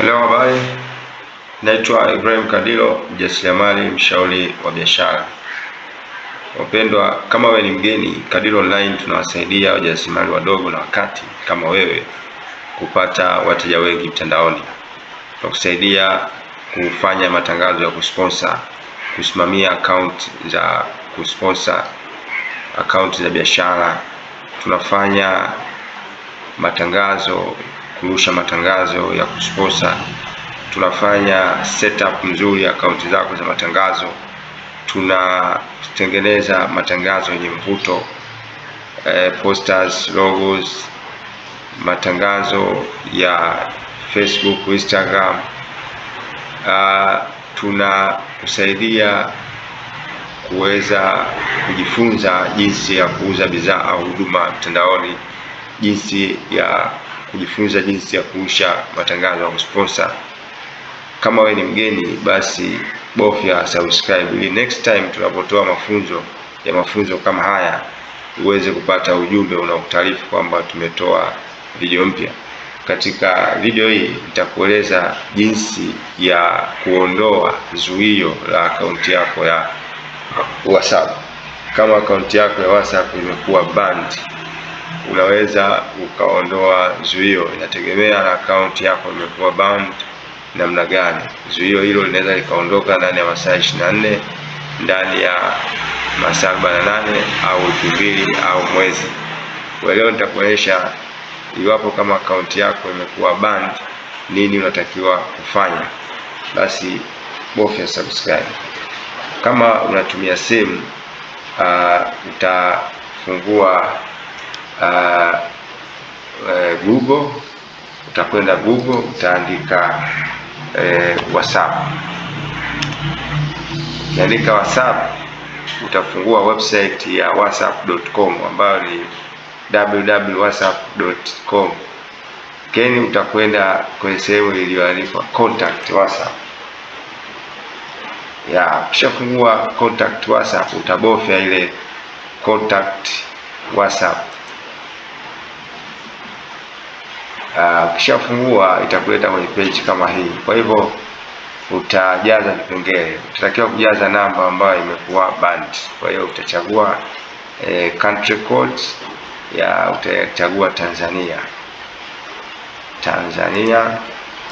Hello, habari. Naitwa Ibrahim Kadilo, mjasiriamali, mshauri wa biashara. Wapendwa, kama wewe ni mgeni, Kadilo Online tunawasaidia wajasiriamali wadogo na wakati kama wewe kupata wateja wengi mtandaoni. Tunakusaidia kufanya matangazo ya kusponsor, kusimamia account za kusponsor, akaunti za biashara. Tunafanya matangazo kurusha matangazo ya kusposa, tunafanya setup nzuri ya akaunti zako za matangazo, tunatengeneza matangazo yenye mvuto eh, posters, logos, matangazo ya Facebook, Instagram. Uh, tunakusaidia kuweza kujifunza jinsi ya kuuza bidhaa au huduma mtandaoni, jinsi ya kujifunza jinsi ya kurusha matangazo ya kusponsor. Kama wewe ni mgeni, basi bofya subscribe ili next time tunapotoa mafunzo ya mafunzo kama haya uweze kupata ujumbe unaokutaarifu kwamba tumetoa video mpya. Katika video hii nitakueleza jinsi ya kuondoa zuio la akaunti yako ya WhatsApp kama akaunti yako ya WhatsApp imekuwa banned unaweza ukaondoa zuio, inategemea na akaunti yako imekuwa bound namna gani. Zuio hilo linaweza likaondoka ndani ya masaa 24, ndani ya masaa 48 au wiki mbili au mwezi. Kwa leo nitakuonyesha iwapo kama akaunti yako imekuwa banned, nini unatakiwa kufanya. Basi bofya subscribe. Kama unatumia simu uh, utafungua uh, uh, Google, utakwenda Google utaandika uh, WhatsApp. Ukiandika WhatsApp utafungua website ya whatsapp.com ambayo ni www.whatsapp.com, keni utakwenda kwenye sehemu iliyoandikwa contact WhatsApp ya ukishafungua contact WhatsApp utabofya ile contact WhatsApp Ah, ukishafungua uh, itakuleta kwenye page kama hii. Kwa hivyo utajaza vipengele, utatakiwa kujaza namba ambayo imekuwa band. Kwa hiyo utachagua eh, country codes ya utachagua Tanzania Tanzania,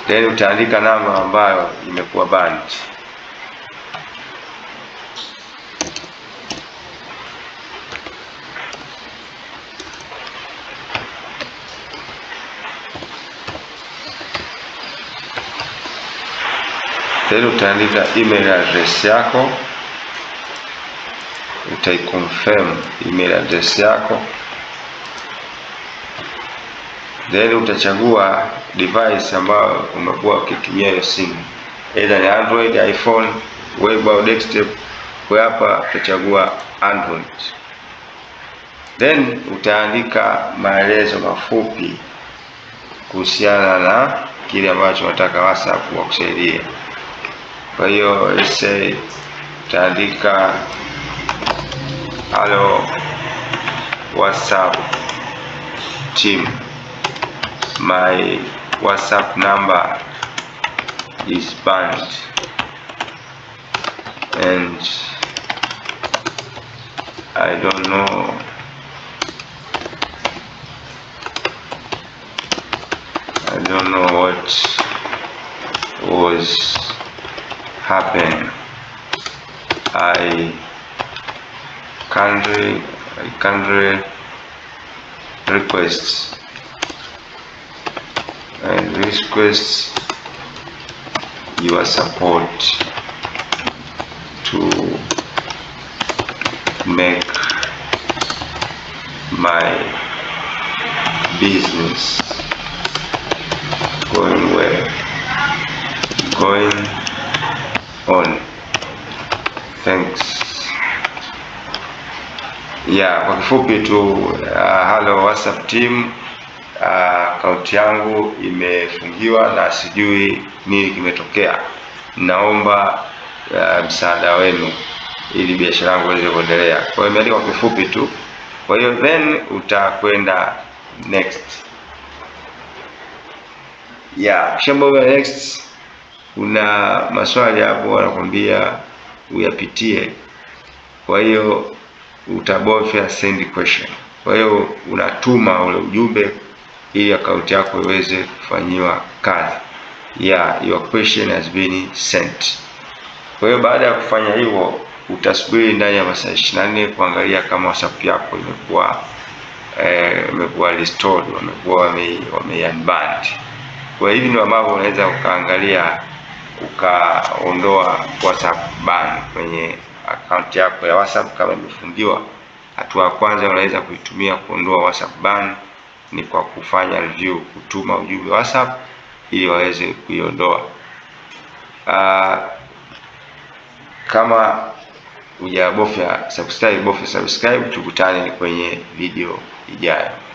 then utaandika namba ambayo imekuwa band. then utaandika email address yako, utaiconfirm email address yako, then utachagua device ambayo umekuwa ukitumia hiyo simu, either ni Android, iPhone, web au desktop. Kwa hapa utachagua Android, then utaandika maelezo mafupi kuhusiana na kile ambacho unataka WhatsApp wakusaidie. Kwa hiyo essay taandika halo WhatsApp team, my WhatsApp number is banned and I don't know I don't know what was I can request and request your support to make my business ya kwa kifupi tu uh, halo WhatsApp team uh, akaunti yangu imefungiwa na sijui nini kimetokea. Naomba uh, msaada wenu ili biashara yangu iweze kuendelea. Kwa hiyo imeandikwa kwa kifupi tu, kwa hiyo then utakwenda next ya kishabovya next. Kuna maswali hapo wanakwambia uyapitie, kwa hiyo utabofya send question. Kwa hiyo unatuma ule ujumbe ili akaunti yako iweze kufanyiwa kazi ya your question has been sent. Kwa hiyo baada ya kufanya hivyo, utasubiri ndani ya masaa 24 kuangalia kama WhatsApp yako imekuwa eh, imekuwa eh, restored, wamekuwa wameiunbanned. Kwa hivi ndio ambavyo unaweza ukaangalia ukaondoa WhatsApp ban kwenye akaunti yako ya WhatsApp kama imefungiwa. Hatua ya kwanza unaweza kuitumia kuondoa WhatsApp ban ni kwa kufanya review, kutuma ujumbe WhatsApp ili waweze kuiondoa. Uh, kama hujabofya subscribe, bofya subscribe. Tukutane kwenye video ijayo.